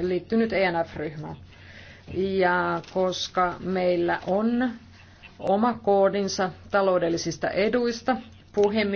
liittynyt ENF-ryhmään. Ja koska meillä on oma koodinsa taloudellisista eduista, puhemies